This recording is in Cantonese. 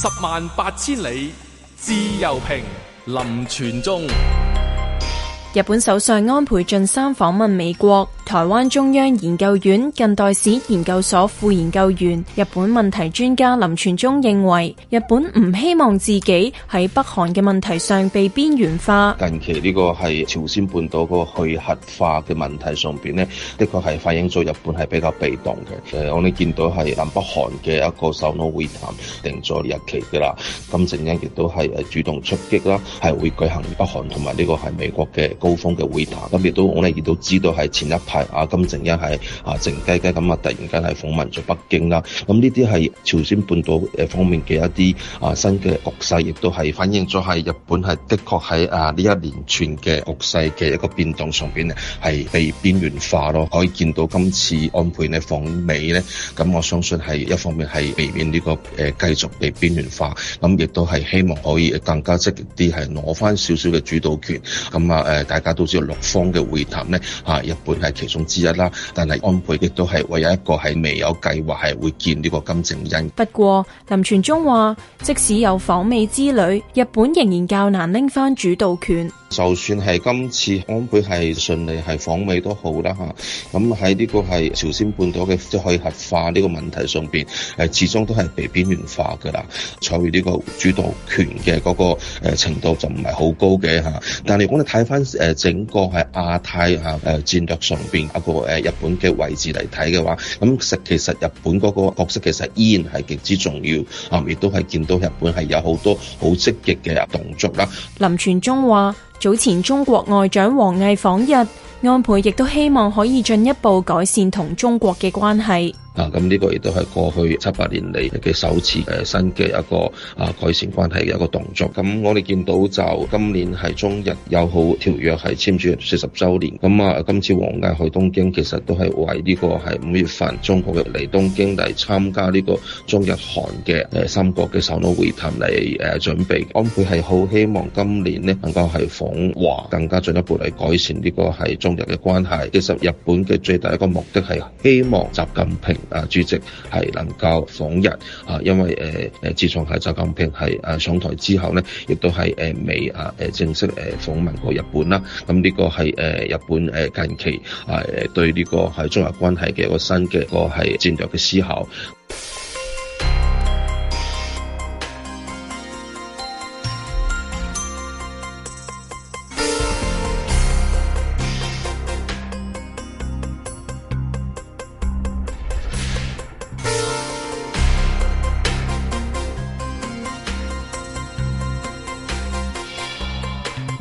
十萬八千里，自由評，林泉忠。日本首相安倍晉三訪問美國。台灣中央研究院近代史研究所副研究員、日本問題專家林泉忠認為，日本唔希望自己喺北韓嘅問題上被邊緣化。近期呢個係朝鮮半島嗰個去核化嘅問題上邊咧，的確係反映咗日本係比較被動嘅。誒，我哋見到係南北韓嘅一個首腦會談定咗日期噶啦，金正恩亦都係誒主動出擊啦，係會舉行北韓同埋呢個係美國嘅。高峰嘅會談，咁亦都我哋亦都知道係前一排啊金正恩係啊靜雞雞咁啊，突然間係訪問咗北京啦。咁呢啲係朝鮮半島方面嘅一啲啊新嘅局勢，亦都係反映咗係日本係的確喺啊呢一連串嘅局勢嘅一個變動上面，呢係被邊緣化咯。可以見到今次安倍呢訪美呢，咁我相信係一方面係避免呢個誒繼續被邊緣化，咁亦都係希望可以更加積極啲，係攞翻少少嘅主導權。咁啊大家都知道六方嘅會談咧，吓日本係其中之一啦。但係安倍亦都係唯有一個係未有計劃係會見呢個金正恩。不過林泉忠話，即使有訪美之旅，日本仍然較難拎翻主導權，就算係今次安倍係順利係訪美都好啦，吓，咁喺呢個係朝鮮半島嘅即、就是、以核化呢個問題上邊誒始終都係被邊緣化㗎啦，所以呢個主導權嘅嗰個誒程度就唔係好高嘅吓，但係如果你睇翻，整個係亞太啊戰略上邊一個日本嘅位置嚟睇嘅話，咁食其實日本嗰個角色其實依然係極之重要啊！亦都係見到日本係有好多好積極嘅動作啦。林泉忠話：早前中國外長王毅訪日，安倍亦都希望可以進一步改善同中國嘅關係。啊，咁呢個亦都係過去七八年嚟嘅首次誒、啊、新嘅一個啊改善關係嘅一個動作。咁我哋見到就今年係中日友好條約係簽署四十週年。咁啊，今次王毅去東京，其實都係為呢個係五月份中國嚟東京嚟參加呢個中日韓嘅誒、啊、三國嘅首腦會談嚟誒、啊、準備。安倍係好希望今年呢能夠係訪華，更加進一步嚟改善呢個係中日嘅關係。其實日本嘅最大一個目的係希望習近平。啊，主席係能夠訪日啊，因為誒誒，自從係習近平係啊上台之後咧，亦都係誒未啊誒正式誒訪問過日本啦。咁、這、呢個係誒日本誒近期係對呢個係中日關係嘅一個新嘅一個係戰略嘅思考。